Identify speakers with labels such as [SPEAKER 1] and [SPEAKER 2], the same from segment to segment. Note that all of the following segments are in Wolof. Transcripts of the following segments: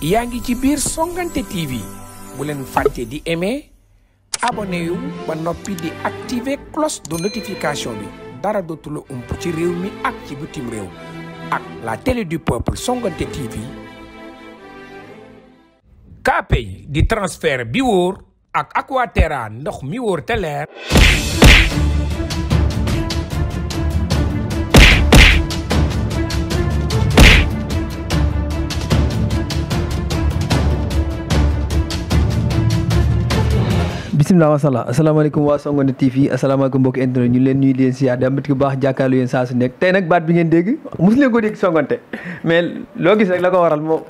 [SPEAKER 1] yaa ngi ci biir Songuanté TV bu leen fàtte di aimer abonné yu ba noppi di activer cloche de notification bi dara dootu la ump ci réew mi ak ci bitim réew ak la télé du peuple Songuanté TV. Kpay di transfert bi woor ak Aquaterra ndox mi woor te
[SPEAKER 2] bisimilah wasala asalaamaaleykum waa Songuanté TV asalaamaaleykum mbokki internet ñu leen nuyu leen siyaar di am bët baax jàkkaarloo yéen saa su nekk tey nag baat bi ngeen dégg mosu ko dégg Songuanté mais loo gis rek la ko waral moo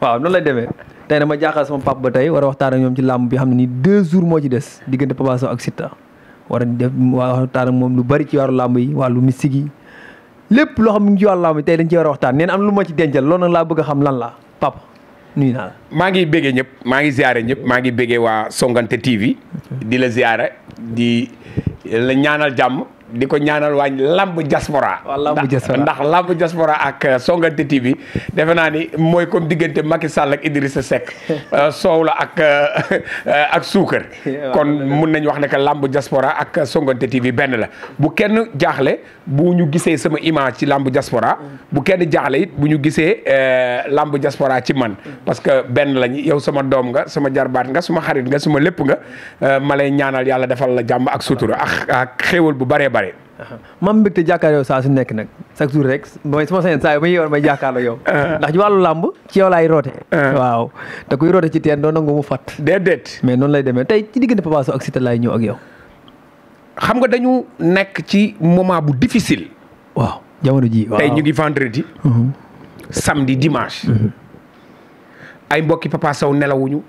[SPEAKER 2] waaw noonu lay demee tey ba tey war a waxtaan ak ñoom ci làmb bi xam ne ni deux jours moo ci des diggante Papa Sow a moom lu bari ci wàllu làmb yi wàllu mystique yi lépp loo xam ne ci wàllu làmb ci war a waxtaan neen am lu ma ci dencal loolu nag laa bëgg xam lan la papa nuyu
[SPEAKER 1] naa la maa ngi béggee ñëpp maa ngi ziare ñëpp maa ngi béggee waa Songante TV di la ziare di la ñaanal jàmm di ko ñaanal waa lamb diaspora. ndax lamb diaspora ak euh, Songuanté TV defe naa ni mooy comme diggante Macky sàll ak Idrissa Seck euh, soow la ak euh, ak suukar. kon mun nañ wax ne que lamb diaspora ak Songuanté TV benn la bu kenn jaaxle bu ñu gisee sama image ci lamb diaspora. bu kenn jaaxle it bu ñu gisee lamb diaspora ci man. parce que benn lañu yow sama doom nga sama jarbaat nga suma xarit nga suma lépp nga ma ñaanal yàlla defal la jàmm ak sutura ak xéewal bu bare mam mbégte jàkkaar yow saa su nekk nag chaque jour rek mooy su ma seen saa yi may yoon may jàkkaarloo ah. ndax ci wàllu làmb
[SPEAKER 2] ci yow laay roote ah. waaw te kuy roote ci teen doo nangu mu fat déedéet mais noonu lay demee tey
[SPEAKER 1] ci diggante Papa Sow ak Siteu laay ñëw ak xam nga dañu nekk ci moment bu difficile waaw jamono ji waaw tey ñu ngi di mhm. samedi dimanche mhm. ay mbokki Papa Sow ñu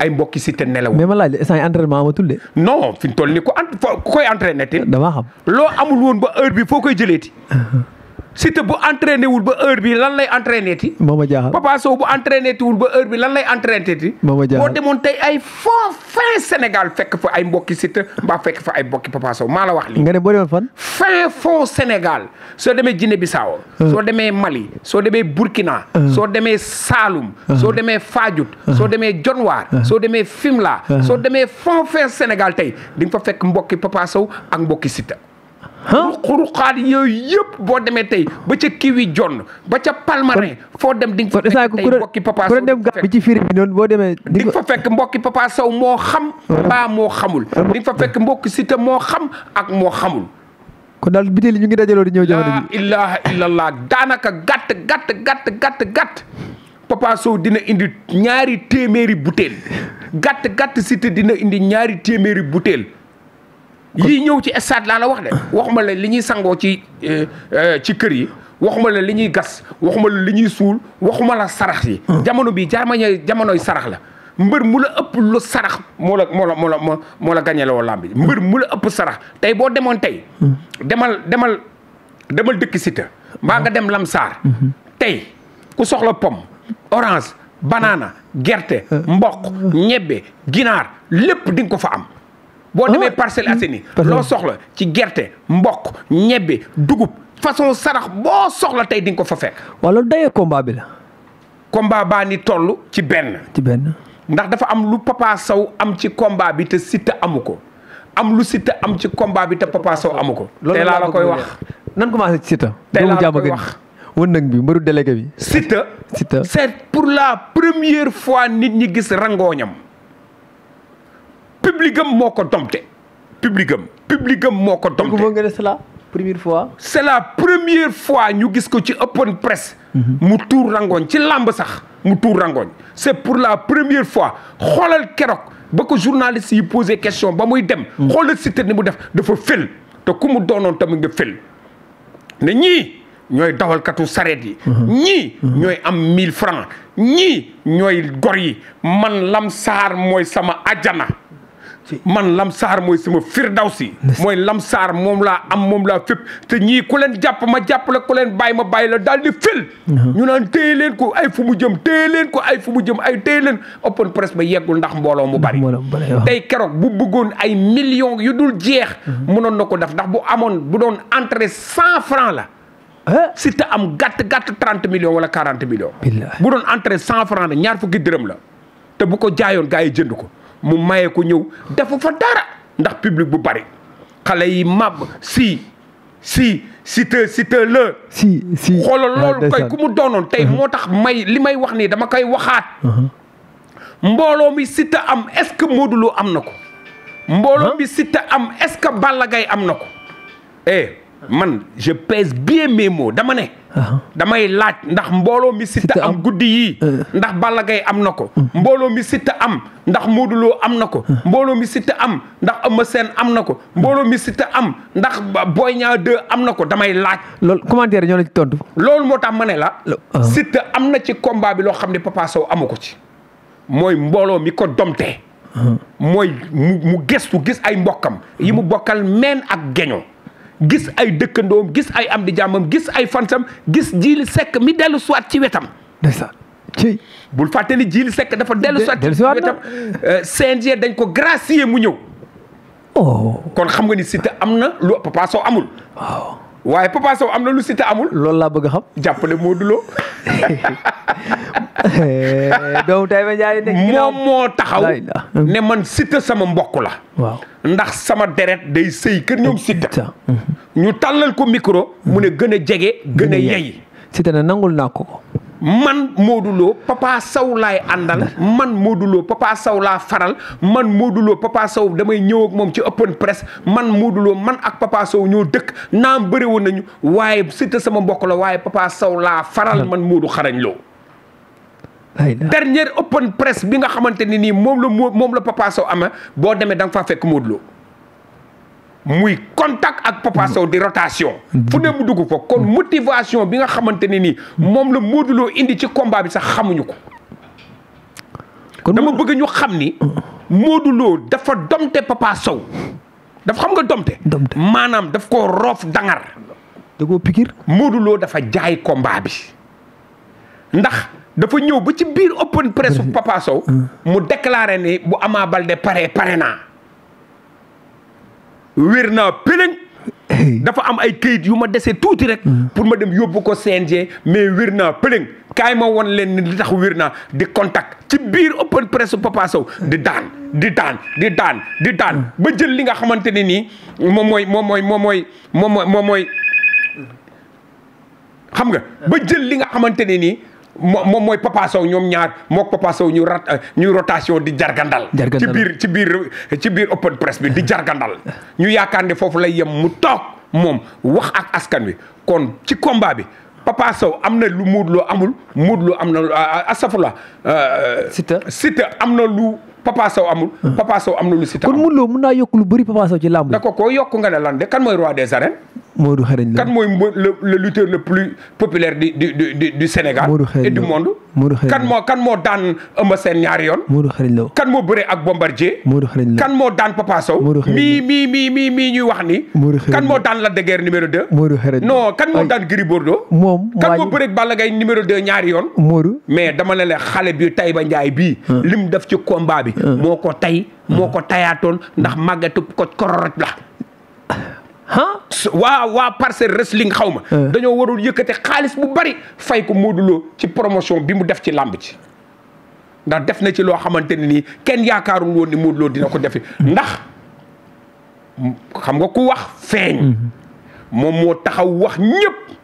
[SPEAKER 1] ay mbokki si te nelaw. mais ma laaj la instant entraînement amatul de. non fi mu toll nii ku koy ne te. dama xam loo amul woon ba heure bi foo koy jëlee ti uh-huh. Siteu bu entraîné wul ba heure bi lan lay entraîné ti. moo ma jaaxal Papa Sow bu entraîné ti wul ba heure bi lan lay entraîné ti. moo ma jaaxal boo demoon tey ay foo fin Sénégal fekk fa ay mbokki Siteu mba fekk fa ay mbokki Papa Sow maa la wax li
[SPEAKER 2] nga ne boo demoon fan.
[SPEAKER 1] fin fond Sénégal soo demee Guinée Bissau. soo demee Mali soo demee Burkina. soo demee Saloum. soo demee Fadiouth. soo demee Dionewar. soo demee Fimela. soo demee fond fin Sénégal tey di nga fa fekk mbokki Papa Sow ak mbokki Siteu. xuruxaat yooyu yëpp boo demee tey ba ca kiwi jonn ba ca palmarin foo dem di nga fa fekk tey mbokki papa sow dem bi ci firi bi noonu boo demee di nga fa fekk mbokki papa sow moo xam mbaa moo xamul di nga fa fekk mbokki si sita moo xam ak moo xamul kon daal bitéeli ñu ngi dajaloo di ñëw jamono bi ilaha illallah daanaka gàtt gàtt gàtt gàtt gàtt papa sow dina indi ñaari téeméeri butéel gàtt gàtt sita dina indi ñaari téeméeri butéel lii ñëw ci stade laa la wax de waxuma la li ñuy sangoo ci euh, euh, ci kër yi waxuma la li ñuy gas waxuma la li ñuy suul waxuma la sarax yi jamono bi jaamañe jamonoy sarax la mbër mu la ëpp sarax moo la moo la moo bi mbër mu la ëpp sarax tey boo demoon tey demal demal demal dëkk Sita mbaa nga dem Lamsaar tey ku soxla pom orange banana gerte mboq ñebbe ginaar lépp di nga ko fa am boo ah demee Parcelles Assainies loo soxla ci gerte mbokk ñebbe dugub façon sarax boo soxla tey di ko fa fekk. waaw loolu dayee combat bi la. combat baa ni toll ci benn. ci benn ndax dafa am lu Papa Sow am ci combat bi te Siteu amu ko am lu Siteu am ci combat bi te Papa amu ko. loolu laa la koy wax
[SPEAKER 2] nan commencé ci Siteu.
[SPEAKER 1] tey laa la koy wax
[SPEAKER 2] wënëg bi mbaru délégué bi. Siteu Siteu
[SPEAKER 1] c'est pour la première fois nit ñi gis rangooñam. public am moo ko dompté public am moo ko dompté première fois. c'est la première fois ñu gis ko ci open press. Mhm. mu tuur rangoñ ci làmb sax mu tuur rangoñ. c'est pour la première fois xoolal keroog ba ko journaliste yi posé question ba muy dem. Mhm. xoolal Siteu ni mu def dafa fël te ku mu doonoon tamit nga fël ne ñii ñooy dawalkatu sareet yi. Mhm. ñii ñooy am mille francs ñii ñooy gor yi man lam saar mooy sama ajana. man lam saar mooy sama si mooy lam saar moom laa am moom laa fépp te ñii ku leen jàpp ma jàpp la ku leen bàyyi ma bàyyi la daal di fil ñu naan téye leen ko ay fu mu jëm téye leen ko ay fu mu jëm ay téye leen open press ba yeggul ndax mbooloo mu bari tey keroog bu bëggoon ay millions yu dul jeex mhm. mënoon na ko def ndax bu amoon bu doon entrée cent franc la si te am gàtt gàtt trente millions wala quarante millions bu doon entrée cent franc la ñaar fukki dërëm la te bu ko jaayoon gars yi jënd ko mu mayee ko ñëw defu fa dara ndax public bu bari xale yi mab sii si si te si te la si si xoolal loolu koy ku mu doonoon tey uh-huh. moo tax may li may wax nii dama koy waxaat uh-huh. mbooloo mi si am est-ce que Modou am na ko mbooloo uh-huh. mi si am est-ce que Balla Gaye am na ko eh man je pèse bien mes mots dama ne. Uh-huh. damay laaj ndax mbooloo mi Siteu am guddi yii. Uh. ndax Balla Gaye am na ko. Mm. mbooloo mi Siteu am ndax Modou Lo am na ko. Uh. mbooloo mi Siteu am ndax Eumeu Sène am na ko. mbooloo mi Siteu am ndax Boy Niang 2 am na ko damay laaj. loolu commentaire ñoo la ci tontu. loolu moo tax ma ne la. Uh-huh. Siteu am na ci combat bi loo xam ne Papa Sow amu ko ci. mooy mbooloo mi ko domtee. Uh-huh. mooy mu mu gëstu gis ay mbokkam. yi mu bokkal meen ak geño gis ay dëkkandoom gis ay am di jàmmam gis ay fantam gis jiili sekk mi dellu siwaat ci wetam. ndeysaan ci bul fàtte sekk dafa dellu siwaat ci wetam euh, dañ ko gracier mu ñëw. Oh. kon xam nga ni Siteu am na lu Papa amul. waaye Papa am na lu Siteu amul. loolu laa bëgg a xam. jàppale Modou Lo Eh, doomu Taïba Ndiaye nekk moom moo taxaw ne man Siteu sama mbokk la. waaw ndax sama deret day sëy kër ñoom Siteu. Mm-hmm. ñu tàllal ko micro. mu ne gën a jege gën a yey. Siteu ne nangul naa ko ko. man Modou Lo Papa Sow laay àndal man Modou Lo Papa laa faral man Modou Lo damay ñëw moom ci open press man Modou man ak Papa Sow ñoo dëkk naam bëri woon nañu waaye Siteu sama mbokk la waaye Papa Sow laa faral man Modou xarañ loo dernière open press bi nga xamante ne nii moom la moom la Papa Sow boo demee danga nga faa fekk Modou muy contact ak Papa Sow di rotation. fu ne mu dugg ko kon motivation bi nga xamante ne nii moom la Modou indi ci combat bi sax xamuñu ko. kon dama bëgg ñu xam ni. Modou Lo dafa domte Papa Sow dafa xam nga domte. domte maanaam daf koo roof dangar. da koo pikir. Modou Lo dafa jaay combat ndax. dafa ñëw ba ci biir open press mm-hmm. Papa Sow mm. mu déclaré ni bu Ama Baldé pare pare naa wiir naa péléng dafa am ay këyit yu ma desee tuuti rek mm. pour ma dem yóbbu ko CNG mais wiir naa pëlëng kaay ma won leen ni li tax wér naa di contact ci biir open press Papa Sow di daan di daan di daan di daan mm. ba jël li nga xamante ne nii moom mooy moom mooy moom mooy moom mooy moom mooy xam nga ba jël li nga xamante ne nii moom mooy Papa ñoom ñaar mook Papa Sow ñu rat ñuy rotation di jargandal ci biir ci biir ci biir open press bi di jargandal ñu yaakaar ne foofu lay yem mu toog moom wax ak askan wi kon ci combat bi Papa am na lu Modou loo amul Modou Lo am na astafurlah euh, Siteu Siteu am na lu Papa Sow amul. Ah. Papa na lu Siteu. kon Modou Lo mën naa yokk lu bëri Papa Sow ci làmb. da ko koo yokk nga ne lan kan mooy roi des arènes. kan mooy populaire du du du du Sénégal. et du monde. Modou xarañ moo kan moo daan Eumeu Sène ñaari yoon. Modou xarañ la kan moo bëree ak Bombardier. Modou xarañ la kan moo daan Papa Sow. Modou xarañ la mii mii mii ñuy wax nii. Modou xarañ kan moo daan la de Guiers numéro 2. Modou xarañ la non kan moo daan Gris Bordeaux. moom kan moo bëree ak Balla numéro 2 ñaari yoon. Modou mais dama ne la xale bi Taïba Ndiaye bii. Ah. lim def ci combat bi Euh. moo ko tay moo ko tayaatoon ndax màggatu ko kororoj la ah waa waa Parcelles Wrestling xaw ma euh. dañoo warul yëkkate xaalis bu bari fay ko moduloo ci promotion bi mu def ci làmb ci ndax def na ci loo xamante ne nii kenn yaakaarul woon ni Modou dina ko defi hmm. ndax xam nga ku wax feeñ hmm. moom moo taxaw wax ñëpp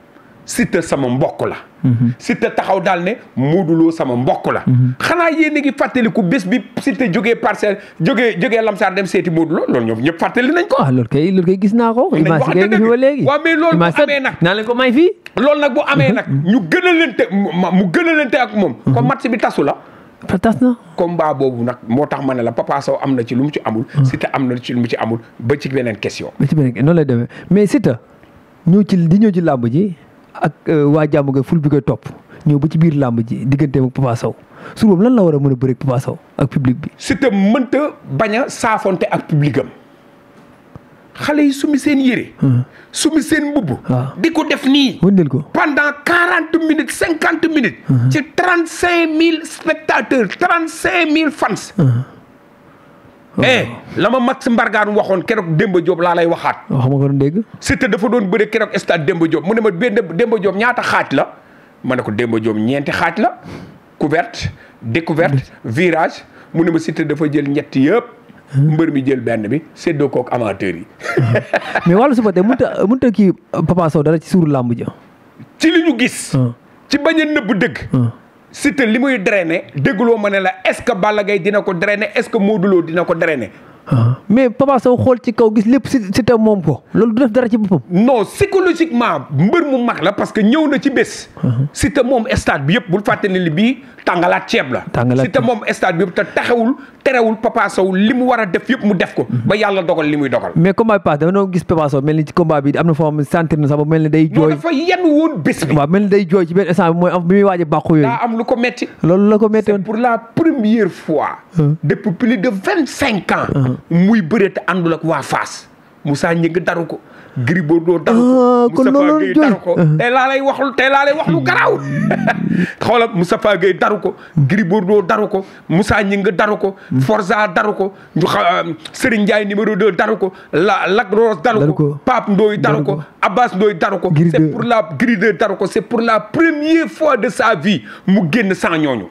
[SPEAKER 1] Siteu sama mbokk la. Mm-hmm. Siteu taxaw daal ne Modou Lo sama mbokk la. Mm-hmm. xanaa yéen a ngi ku bés bi Siteu jóge parcelle jógee jógee Lamsaar dem seeti Modou Lo loolu ñoom ñëpp fàttali nañ ko. ah loolu kay gis naa ko. image yi kay gis léegi. waaw mais loolu bu amee nag naa leen ko may fii. loolu nag bu amee mm-hmm. nag. ñu gën a lente mu gën a lente ak moom. comme match bi tasu la. tas na. combat boobu nag moo tax ma ne la Papa am na ci lu mu ci amul. Siteu am na ci lu mu ci amul ba ci beneen question.
[SPEAKER 2] ba ci beneen noonu lay demee mais Siteu ñëw ci di ñëw ci làmb ji ak euh, waa jàmm ga ful bi koy topp ñëw ba ci biir làmb ji digganteem
[SPEAKER 1] ak Papa Sow lan la war a mën a bëri
[SPEAKER 2] Papa Sow ak public bi.
[SPEAKER 1] Siteu mënta baña a saafonte ak public xale yi sumi seen yére. sumi seen mbubb. di ko def nii. wëndeel ko pandant quarante minutes cinquante minutes. ci trente cinq mille spectateurs trente cinq mille fans. Oh. eh la ma Max Mbargaan waxoon keroog Demba Diop laa lay waxaat. wax ma ko doon dégg. Siteu dafa doon bëre keroog stade Demba Diop mu ne ma benn Demba Diop ñaata xaaj la ma ne ko Demba ñeenti xaaj la couverte découverte mm. virage mu ne ma Siteu dafa jël ñett yëpp. Mm. mbër mi jël benn bi séddoo kook amateur yi. Mm.
[SPEAKER 2] mais wàllu suba tey mënut a mënut a kii Papa Sow dara ci suur làmb ja ci li ñu gis.
[SPEAKER 1] ci bañ a nëbb dëgg. Siteu li muy drainer dégguloo ma ne la est-ce que Balla Gaye dina ko drainer est-ce que mooduloo dina ko drainer. Ah. mais Papa Sow xool ci kaw gis lépp Siteu moom ko loolu du def dara ci boppam. non psychologiquement mbër mu mag la parce que ñëw na ci bés. Ah. Siteu moom stade bi yëpp bul fàtte ne li bii tàngalaat ceeb la. tàngalaat Siteu moom stade bi yëpp te taxewul terewul Papa Sow li mu war a def yëpp mu def ko ba yàlla dogal li muy dogal
[SPEAKER 2] mais combat bi passe dafa doon gis Papa Sow mel ni ci combat bi am na foo xam sentir mel ni day jooy dafa
[SPEAKER 1] yenn woon bés bi
[SPEAKER 2] mel ni day jooy
[SPEAKER 1] ci benn instant bi mooy muy waaj a bàqu am lu ko metti loolu la ko metti woon pour la première fois depuis plus de vingt cinq ans muy bëreet àndul ak waa mu Moussa Gningue daru ko Gris Bordeaux dal ko ah, Moustapha Gueye daru ko ah. tey laa lay wax tey laa lay wax lu garaaw xoolal Moustapha Gueye daru ko Gris Bordeaux daru ko Moussa Gningue daru ko hmm. Forza daru ko ñu euh, Serigne Ndiaye numéro 2 daru ko la Lac Rose daru ko Pape Ndoye daru ko Abbas dooy daru ko c'est pour la Gris 2 daru ko c'est pour la première fois de sa vie mu génn sans ñooñu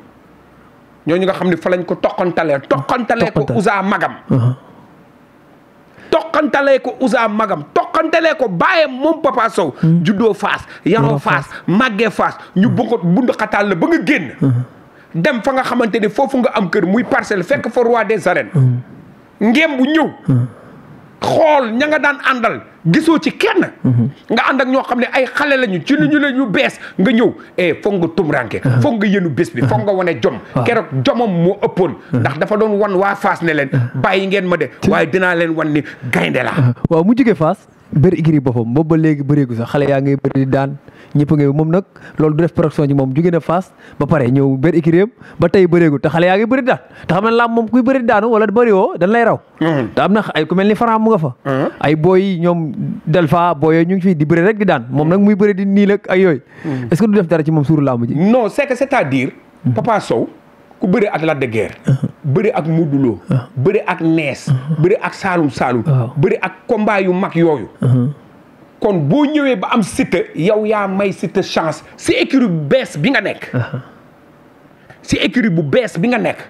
[SPEAKER 1] ñooñu nga xam ne fa lañ ko toqantalee toqantalee ko Ousa Magam uh-huh. toqantalee ko Ousa magam toqantalee ko bàyyam moom Papa Sow hmm. juddoo Faas yaroo Faas màggee Faas ñu hmm. bëgg bund xataal la ba nga génn hmm. dem fa nga xamante ne foofu nga am kër muy parcelle fekk fa roi des arènes ngéem bu ñëw xool ña nga daan àndal gisoo ci kenn. Mhm. nga ànd ak ñoo xam ne ay xale lañu ci lu ñu la ñu bees nga ñëw eh foog nga tumranke mhm. foog nga yenu bés bi foog nga wane jom. Mhm. keroog jomam moo ëppoon. ndax dafa doon wan waa Fass ne leen. bàyyi ngeen ma de waaye dinaa leen wan ni gaynde laa.
[SPEAKER 2] waaw mu jógee fas bëri igri boppam boobu ba léegi bëreegu sax xale yaa ngay bëri daan. ñëpp ngay moom nag loolu du def protection moom jóge na Fass ba pare ñëw benn écurie ba tey bëreegul te xale yaa ngi bëri daan te xam ne laam moom kuy bëri daanu wala bëriwoo dañ lay raw mm-hmm. te am na ay ku mel ni Franc mu nga fa mm-hmm. ay booy ñoom Delfa booy ñu ngi fii di bëri rek di
[SPEAKER 1] daan moom nag muy bëri di nii la ak yooyu mm-hmm. est-ce que du def dara ci moom suuru laamu ji non c'est que c'est-à-dire Sow ku bëri ak Lac de Guiers uh-huh. ak Modou Lo uh-huh. bëri ak Nees uh-huh. bëri ak Saalum Saalum bëri ak combat yu mag yooyu kon boo ñëwee ba am Siteu yow yaa may Siteu chance si écurie bu bees bi nga nekk. Uh-huh. si écurie bu bees bi nga nekk.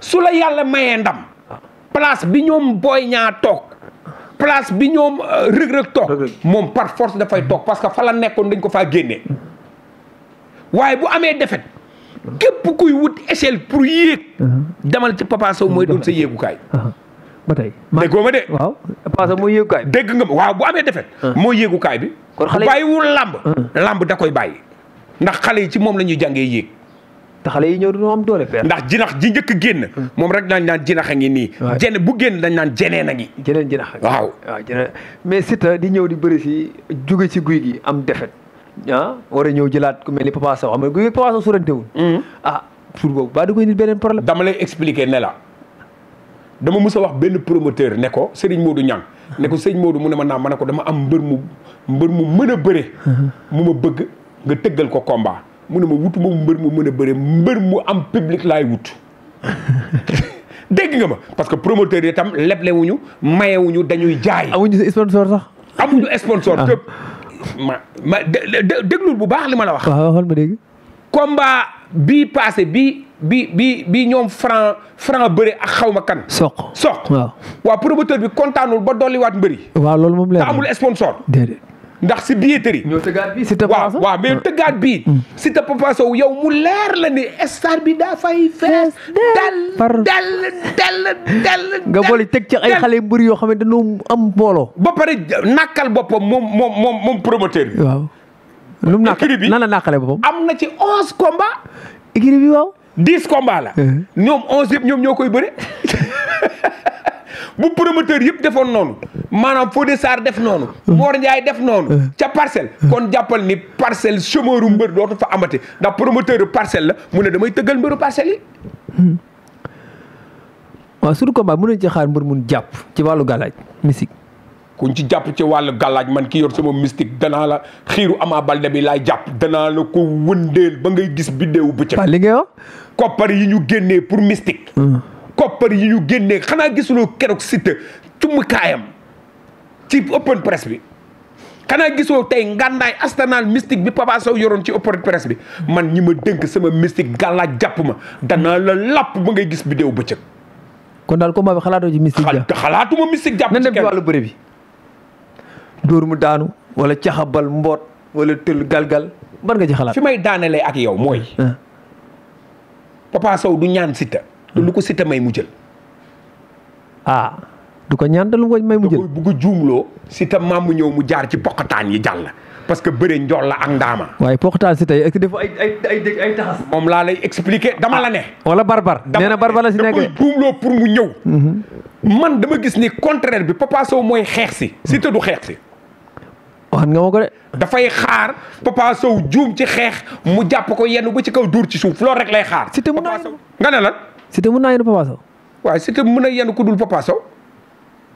[SPEAKER 1] su la yàlla mayee ndam. place bi ñoom booy ñaa toog. place bi ñoom euh, rëg-rëg toog. moom par force dafay toog parce que fa la nekkoon dañ ko faa génnee. waaye bu amee defet képp kuy wut échelle pour yéeg. Uh-huh. demal ci Papa Sow mooy doon sa yéegukaay. Uh-huh. ba tey déggoo ma de waaw parce que mooy yéegukaay bi dégg nga ma waaw bu amee defet ah. mooy yéegukaay bi bàyyiwul làmb ah. làmb da koy bàyyi ndax xale yi ci moom la ñuy jàngee yéeg te xale yi ñëw dañoo am doole ndax jinax ji njëkk génn ah. moom rek dañ naan jinax a ngi nii jene bu génn dañ naan jeneen a ngi jeneen jinax waaw waaw jeneen
[SPEAKER 2] mais Siteu di ñëw di bëri si jóge si guy gi am defet ah war a ñëw jëlaat ku mel ni Papa Sow xam nga guy gi Papa Sow surantewul mm. ah
[SPEAKER 1] pour boobu baa da koy nit beneen problème dama lay expliquer ne dama mus a wax benn promoteur nekko ko Serigne Modou Niang ne ko Serigne Modou mu ne ma naa ma ne ko dama am mbër mu mbër mu mën a bëre mu ma bëgg nga tëggal ko combat mu ne ma wut ma mbër mu mën a bëre mbër mu am public laay wut dégg nga ma parce que promoteur yi tam leblewuñu mayewuñu dañuy jaay amuñu sponsor sax amuñu sponsor ah. tëb ma ma déglul bu baax li ma la wax waaw waxal ma dégg combat bii passé bii bi bi bi ñoom franc franc bëre ak xaw ma kan. soq soq waaw. waaw promoteur bi kontaanul ba dolliwaat mbëri. waaw loolu moom leer amul sponsor. déedéet. ndax si billetterie. ñoo tëggaat bi si te waaw waaw mais tëggaat bii. Mm. si te Papa Sow yow mu leer la ni star bi daa fay fees. dal dal dal dal nga boole teg ci ay xale mbëri yoo xam ne dañoo am mbooloo. ba pare nakkal boppam moom moom moom moom promoteur bi. waaw. lu mu nàkk nan la nàkkale boppam. am na ci onze combats. équipe bi waaw. dix combats eh. ñoom onze yëpp ñoom ñoo koy bëre. bu promoteur yëpp defoon noonu maanaam Fodé Sarr def noonu. Eh. Mor Ndiaye def noonu. Eh. ca parcelle. kon jàppal ni parcelle chômeuru mbër dootu fa amati ndax promoteur parcelle la mu ne damay tëggal mbëru parcelle yi. Hmm. waaw sunu combat mën nañu ci xaar mbër mun jàpp ci wàllu gàllaaj mystique. kuñ ci jàpp ci wàllu gàllaaj man ki yor sama mystique danaa la xiiru Ama Balde bi laay jàpp danaa la ko wëndeel ba ngay gis biddéewu bëccëg. li koppar yi ñu génnee pour mystique. koppar yi ñu génnee xanaa gisuloo keroog Siteu cumm kaayam ci open press bi. xanaa gisoo tey ngàndaay astanaal mystique bi Papa Sow yoroon ci open press bi man ñi ma dënk sama mystique gàllaaj jàpp ma dana la làpp ba ngay gis vidéo bëccëg.
[SPEAKER 2] kon daal combat bi xalaatoo ci mystique xalaatuma mystique jàpp ci kenn bi. dóor mu daanu wala caxabal mboot
[SPEAKER 1] wala tël galgal ban nga ci xalaat. fi may daanelee ak yow mooy. Ah. Papa Sow du ñaan Siteu. te lu ko Siteu may mu jël. ah du ko ñaan te lu may mu jël. da koy bugg juumloo Siteu maamu ñëw mu jaar ci poqataan yi jàll. parce que bëre njool la ak ndaama.
[SPEAKER 2] waaye poqataan Siteu est-ce que
[SPEAKER 1] ay ay ay dégg ay taxas. moom laa lay expliquer dama ah, la ne. wala barbar nee bar barbar la si nekk da juumloo pour mu ñëw. Mhm. man dama gis ni contraire bi Papa mooy xeex si. Siteu du xeex si. waxan nga ma ko de. dafay xaar Papa Sow juum ci xeex mu jàpp ko yenn ba ci kaw duur ci suuf loolu rek lay xaar. Siteu mun naa yenn nga ne lan. Siteu mun naa yenn Papa Sow. waaw a yenn ku dul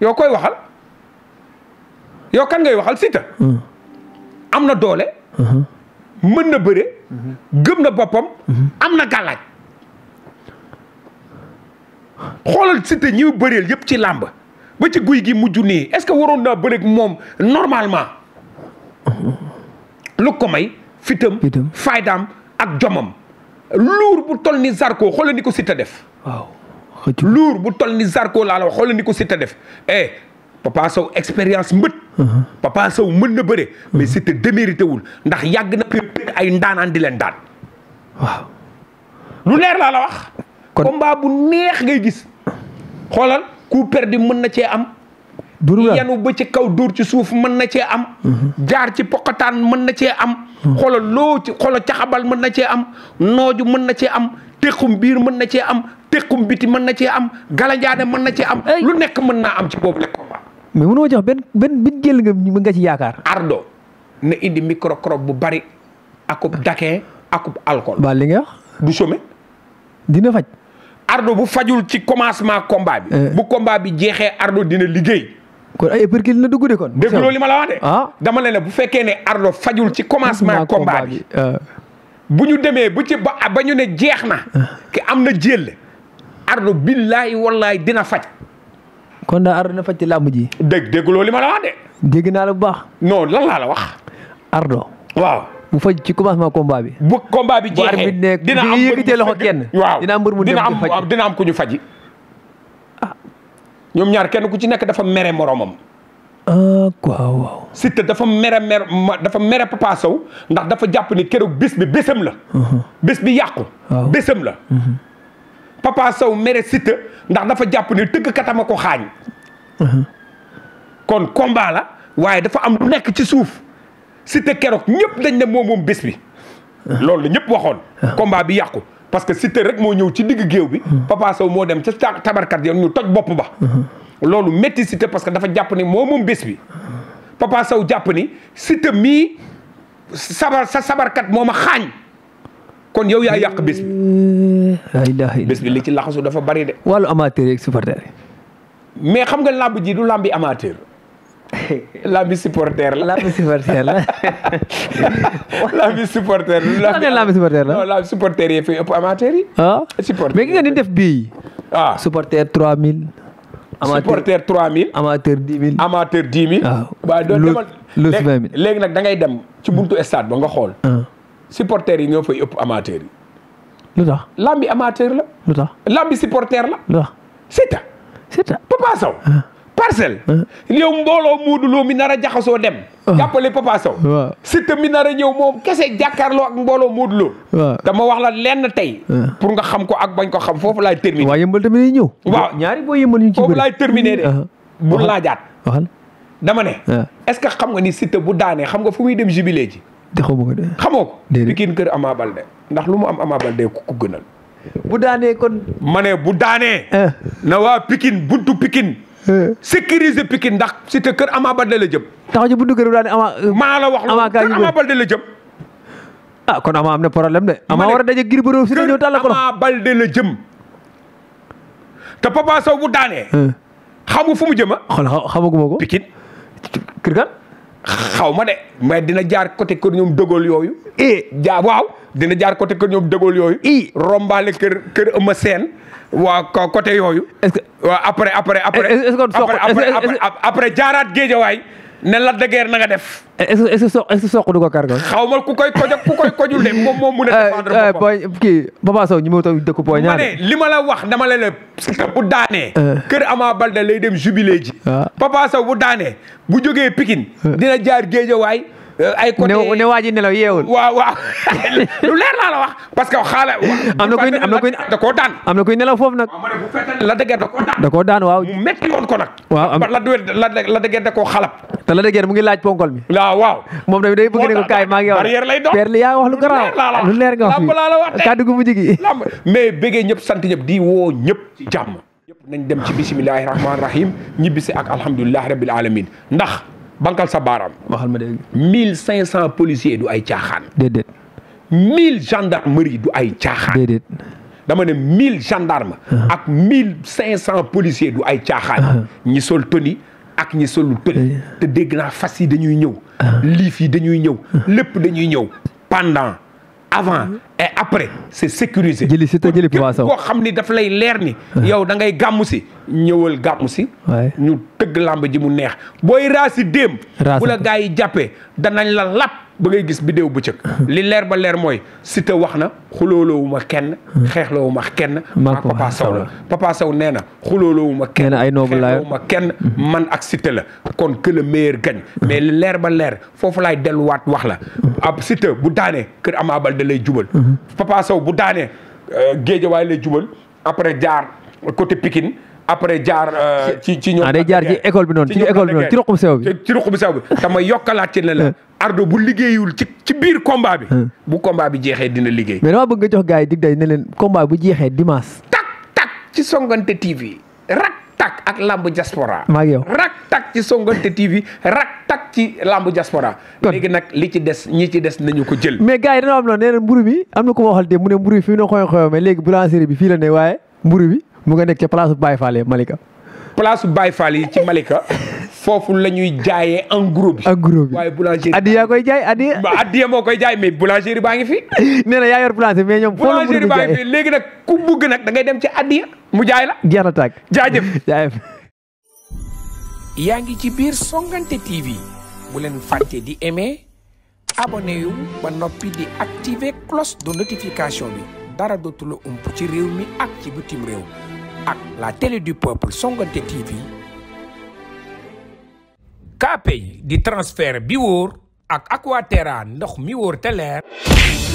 [SPEAKER 1] yow koy waxal yow kan ngay waxal Siteu. Hmm. am na doole. Hmm. mën na bëre. Hmm. gëm na boppam. am na gàllaaj. xoolal Siteu ñi bëreel yëpp ci làmb ba ci guy gi mujj nii est-ce que waroon naa bëreeg moom normalement. lu ko may fitam faydaam ak jomam luur bu tol ni Zarko xoola ni ko Siteu def luur bu tol ni Zarko laa la wax xoola ni ko Siteu def eh Papa Sow expérience mbët uh-huh. Papa Sow mën na bëre mais uh-huh. Siteu démérité wul ndax yàgg na péré ay ndaanaan di leen daan waaw lu leer laa la wax combat bu neex ngay gis xoolal coup perdu mën na cee am yanu ba ci kaw dóor ci suuf mën na cee am mm-hmm. jaar ci pokataan mën na cee am mm-hmm. xolo loo ci xolo caxabal mën na cee am nooju mën na cee am tequm biir mën na cee am tequm biti mën na cee am galanjaane mën na cee am lu nekk mën na am ci boobu le combat mais mënoo benn benn benn jël nga nga ci yaakaar ardo na indi microcrobe bu bari akub dakin akub alcool ba li nga wax du chômé dina faj ardo bu fajul ci commencement combat bi eh. bu combat bi jeexee ardo dina liggéey
[SPEAKER 2] kon ay perkil na dugg de kon. dégg loolu li ma la wax de. Ah.
[SPEAKER 1] dama ne bu fekkee ne Ardo fajul ci commencement combat bi ah. bu ñu demee bu ci ba ba ñu ne jeex na. Ah. ki am na jël. Ardo billaay wallaay dina faj. kon daa
[SPEAKER 2] Ardo dina faj ci làmb ji.
[SPEAKER 1] dégg dégg loolu li ma la wax de. dégg naa la bu baax. non lan laa la wax. Ardo. waaw
[SPEAKER 2] bu faj ci commencement combat bi. bu
[SPEAKER 1] combat bi jeexee dina am mbër mu dina am mbër mu dina am dina am ku ñu faji. ñoom ñaar kenn ku ci nekk dafa mere moromam. ah dafa mere mer dafa mere Papa Sow ndax dafa jàpp ni keroog bés bi bésam la. Uh-huh. bés bi yàqu. waaw bésam la. Uh-huh. Papa Sow mere Siteu ndax dafa jàpp ni tëgg katama ko xaañ. Uh-huh. kon combat la waaye dafa am lu nekk ci suuf Siteu keroog ñëpp dañ ne moom moom bés bi. loolu la ñëpp waxoon. combat bi yàqu. parce que Siteu rek moo ñëw ci digg géew bi. Hmm. Papa moo dem ca tabarkat yoonu ñu toj bopp ba. Hmm. loolu métti Siteu parce que dafa jàpp ni moo moom bés bi. Hmm. Papa Sow jàpp ni Siteu mii sabar sa sabarkat moo ma xaañ. kon yow yaa yàq bés bi. Eh, ay bés bi li ci laxasu dafa bari de. wàllu amateur yeeg supporter mais xam nga làmb jii du làmbi amateur. lambi supporter la. lambi supporter la. lambi supporter la. lambi supporter la. non lambi supporter yi fi ëpp amateur yi. ah supporter mais ki nga ni def bii. ah supporter 3000. amateur supporter 3000. amateur 10 000. amateur 10 000. waaw waaw doo demal lus 20 000 léegi nag da ngay dem ci hmm. buntu stade ba nga xool. Ah. supporter yi ñoo fay ëpp amateur yi. lu tax lambi amateur la. lu tax lambi supporter la. lu tax parcelle yow mbooloo Modou Lo mi nar a jaxasoo dem ah. jàppale Papa Sow waaw Siteu a ñëw moom kese jàkkaarloo ak mbooloo Modou Lo dama wax la lenn tey ah. pour nga xam ko ak bañ ko xam foofu laay terminer waaw yëmbal tamit ñëw waaw ñaari boo yëmbal ñu ci foofu laay terminer de ah. bu laajaat dama ne est-ce que xam nga ni Siteu bu daanee xam nga fu muy dem jubilé ji dexoo ma ko de xamoo ko Pikine kër Ama Baldé ndax lu mu am Ama Baldé ku gënal bu daanee kon ma ne bu daanee na waa Pikine buntu Pikine sécuriser Pikine ndax Cité kër Ama Baldé la jëm.
[SPEAKER 2] taxaw ci buntu kër bi daal Ama. Euh, maa
[SPEAKER 1] wax loolu Ama Baldé la jëm.
[SPEAKER 2] ah kon Ama am na problème de. Ama
[SPEAKER 1] war a daje Gris Bordeaux si la ñëw tàll ko la jëm. te Papa Sow bu daanee. xamu fu mu jëma. Ah. xool xamaguma ko Pikine. kër xaw ma de mais dina jaar côté kër ñoom dëggool yooyu i e. jaa waaw dina jaar côté kër ñoom dëggool yooyu i rombaale kër kër ëma seen waa côté yooyu est-ce que waaw après après après après jaaraat géejawaay nen la de Guiers na nga def.
[SPEAKER 2] est-ce que soq
[SPEAKER 1] du ko kàr nga. ma
[SPEAKER 2] ku koy koj ak ku koy kojul de moom moo mun a. Eh, défendre eh, boppam kii Papa Sow ñu ma toog dëkk booy ñaar ma ne
[SPEAKER 1] li ma la wax dama la lépp. bu daanee. Eh. kër amaa Balde lay dem jubilé ji. Ah. Papa Sow bu daanee bu jógee pikin dina jaar Géejawaay. ay côté ne waa nelaw yeewul. waaw waaw lu leer laa wax parce que xaala. am na kuy am na kuy koo daan. am na kuy nelaw foofu nag. la dëgër da
[SPEAKER 2] da koo daan waaw.
[SPEAKER 1] mu métti ko nag. waaw am la la dëgër koo xalab. te la dëgër mu ngi laaj ponkol mi. waaw waaw. moom tamit day bëgg ne ko kaay maa ngi yow. barrière lay yaa wax lu garaaw. lu leer nga wax fii kàddu gu mujj gi. mais bëggee ñëpp sant ñëpp di woo ñëpp ci jàmm. ñëpp nañ dem ci bisimilahi rahmaani rahim ñibbisi ak alhamdulilah rabil alamin ndax bankal sa baaraam. waxal mille cinq cent policiers du ay caaxaan. déedéet. mille gendarmerie ay caaxaan. déedéet. dama ne mille gendarme uh-huh. ak mille cinq cent policiers du ay caaxaan. Uh-huh. ñi sol toni ak ñi solul toni. te dégg naa fas yi dañuy ñëw. Uh-huh. liif yi dañuy ñëw. lépp dañuy ñëw pendant. avant après c'est sécurisé. jëli si te jëli Papa Sow xam ni daf lay leer ni. Ah. yow da ngay gàmmu si ñëwal gàmmu si. ñu tëgg làmb ji mu neex booy raasi déem. bu la gaa yi jàppee danañ la lap. ba ngay gis bidéew bu cëg li leer ba leer mooy Siteu wax na xulooloowu ma kenn hmm. xeexloowu ma kenn maa Papa Sow la Papa Sow nee na xulooloowu ma kenn xeexloowu ma kenn hmm. man ak Siteu la kon que le meilleur hmm. mais li leer ba leer foofu laay delluwaat wax la ab Siteu bu daanee kër Ama Baldé lay jubal Papa bu daanee euh, géejawaay lay jubal après jaar côté Pikine après jaar euh, ci ci ñoom. Ah,
[SPEAKER 2] jaar ci école bi noonu ci école bi noonu ci
[SPEAKER 1] ruqum sew bi. ci yokkalaat ci ne la. ardo bu liggéeyul ci ci biir combat bi. bu combat bi jeexee dina liggéey.
[SPEAKER 2] mais dama bëgg nga jox gars yi dig day ne leen combat bu jeexee dimanche. tak
[SPEAKER 1] tak ci Songuanté TV rak ak lamb diaspora. maa yow rak tak ci Songuanté TV rak tak ci lamb diaspora. léegi nag li ci des ñi ci des nañu ko jël. mais
[SPEAKER 2] gars yi dañoo noonu nee mburu mi am na ko ma waxal tey mu ne mburu mi fii na xoyom xoyom mais léegi boulangerie bi fii la ne waaye mburu bi mu nga nekk ca place Baye Fall yi Malika.
[SPEAKER 1] place Baye Fall yi ci Malika foofu la ñuy jaayee en group bi. en gros bi waaye boulangerie. addiya koy jaay addiya. waaw addiya moo koy jaay mais boulangerie baa ngi fi. nee na yaa yor boulangerie mais ñoom. baa ngi fi léegi nag ku bugg nag dangay dem ci addiya mu jaay la. jeex na tàgg jaajëf yaa ngi ci biir Songuanté TV bu leen fàtte di emee abonné yu ba noppi di activer cloche de notification bi dara dootu la ump ci réew mi ak ci bitim réew. ak la télé du peuple Songuanté TV KPay di transfert bi wóor ak Aquaterra ndox mi wóor te